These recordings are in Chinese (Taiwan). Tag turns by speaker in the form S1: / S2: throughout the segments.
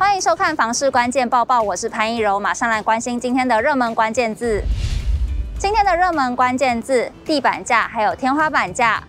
S1: 歡迎收看《房市關鍵報報》，我是潘一柔，馬上來關心今天的熱門關鍵字。今天的熱門關鍵字：地板價還有天花板價。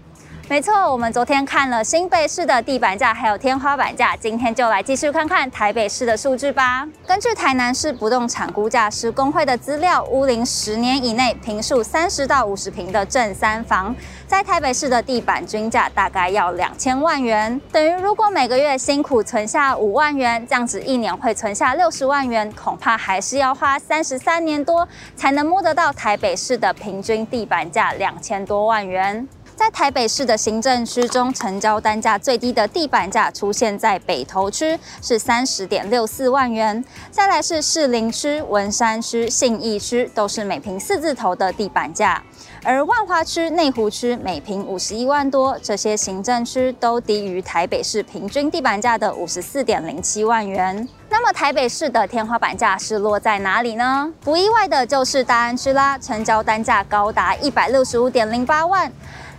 S1: 沒錯，我們昨天看了新北市的地板價，還有天花板價，今天就來繼續看看台北市的數據吧。根據台南市不動產估價師工會的資料，屋齡十年以內坪數三十到五十坪的正三房，在台北市的地板均價大概要兩千萬元，等於如果每個月辛苦存下五萬元，這樣子一年會存下六十萬元，恐怕還是要花三十三年多才能摸得到台北市的平均地板價兩千多萬元。在台北市的行政區中，成交單價最低的地板價出現在北投區，是三十點六四萬元。再來是士林區、文山區、信義區，都是每平四字頭的地板價。而萬華區、內湖區每平五十一萬多，這些行政區都低於台北市平均地板價的五十四點零七萬元。那麼台北市的天花板價是落在哪裡呢？不意外的就是大安區啦，成交單價高達一百六十五點零八萬。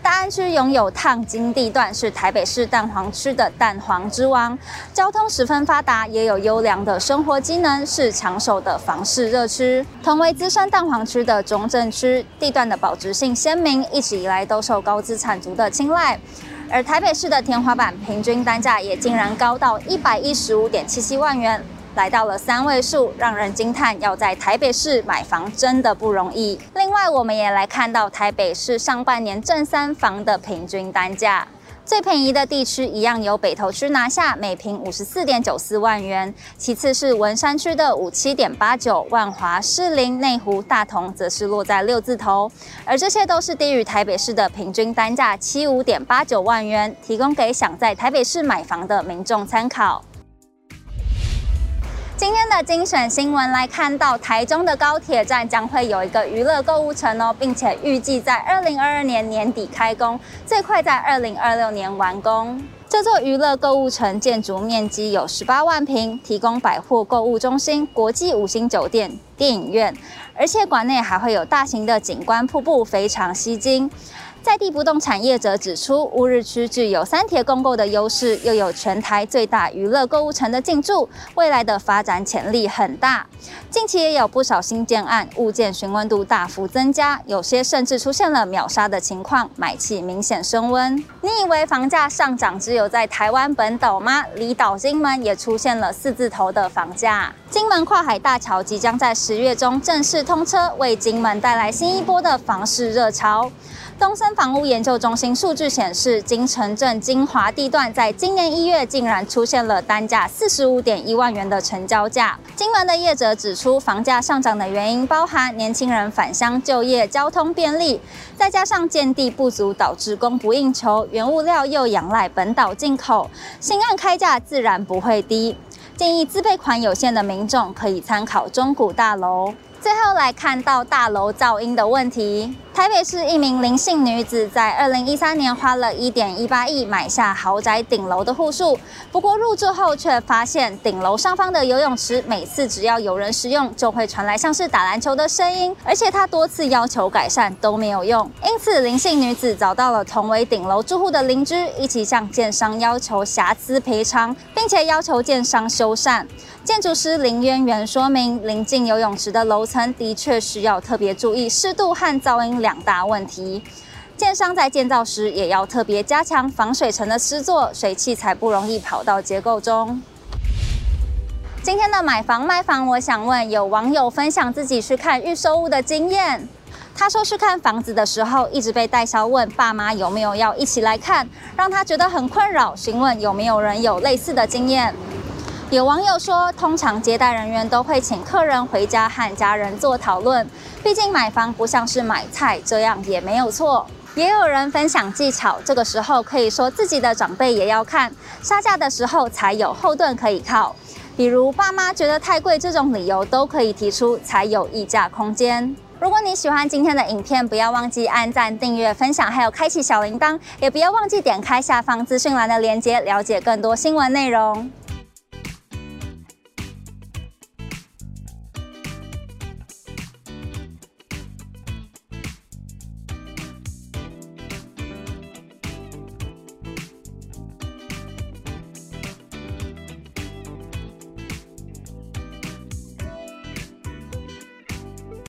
S1: 大安區擁有燙金地段，是台北市蛋黃區的蛋黃之王，交通十分發達，也有優良的生活機能，是搶手的房市熱區。同為資深蛋黃區的中正區，地段的保值性鮮明，一直以來都受高資產族的青睞。而台北市的天花板，平均單價也竟然高到一百一十五點七七萬元。來到了三位數，讓人驚嘆。要在台北市買房真的不容易。另外，我們也來看到台北市上半年正三房的平均單價，最便宜的地區一樣由北投區拿下，每坪五十四點九四萬元。其次是文山區的五七點八九，萬華、士林、內湖、大同則是落在六字頭。而這些都是低於台北市的平均單價七五點八九萬元，提供給想在台北市買房的民眾參考。的精選新聞來看到，台中的高鐵站將會有一個娛樂購物城哦，並且預計在二零二二年年底開工，最快在二零二六年完工。這座娛樂購物城建築面積有十八萬坪，提供百貨購物中心、國際五星酒店、電影院，而且館內還會有大型的景觀瀑布，非常吸睛。在地不動產業者指出，烏日區具有三鐵共構的優勢，又有全台最大娛樂購物城的進駐，未來的發展潛力很大。近期也有不少新建案物件詢問度大幅增加，有些甚至出現了秒殺的情況，買氣明顯升溫。你以為房價上漲只有在台灣本島嗎？離島金門也出現了四字頭的房價。金門跨海大橋即將在十月中正式通車，為金門帶來新一波的房市熱潮。東森房屋研究中心數據顯示，金城鎮精華地段在今年一月竟然出現了單價四十五點一萬元的成交價。金門的業者指出，房價上漲的原因包含年輕人返鄉就業、交通便利，再加上建地不足導致供不應求，原物料又仰賴本島進口，新案開價自然不會低。建議自備款有限的民眾可以參考中古大樓。最後來看到大樓噪音的問題。台北市一名林姓女子在二零一三年花了一點一八億買下豪宅頂樓的戶數，不過入住後卻發現頂樓上方的游泳池每次只要有人使用，就會傳來像是打籃球的聲音，而且她多次要求改善都沒有用，因此林姓女子找到了同為頂樓住戶的鄰居，一起向建商要求瑕疵賠償，並且要求建商修繕。建築師林淵源說明，鄰近游泳池的樓層的確需要特別注意濕度和噪音。兩大問題，建商在建造時也要特別加強防水層的施作，水汽才不容易跑到結構中。今天的買房賣房，我想問有網友分享自己去看預售屋的經驗，他說去看房子的時候，一直被代銷問爸媽有沒有要一起來看，讓他覺得很困擾，詢問有沒有人有類似的經驗。有網友說，通常接待人員都會請客人回家和家人做討論，畢竟買房不像是買菜，這樣也沒有錯。也有人分享技巧，這個時候可以說自己的長輩也要看，殺價的時候才有後盾可以靠。比如爸媽覺得太貴，這種理由都可以提出，才有議價空間。如果你喜歡今天的影片，不要忘記按讚、訂閱、分享，還有開啟小鈴鐺，也不要忘記點開下方資訊欄的鏈接，了解更多新聞內容。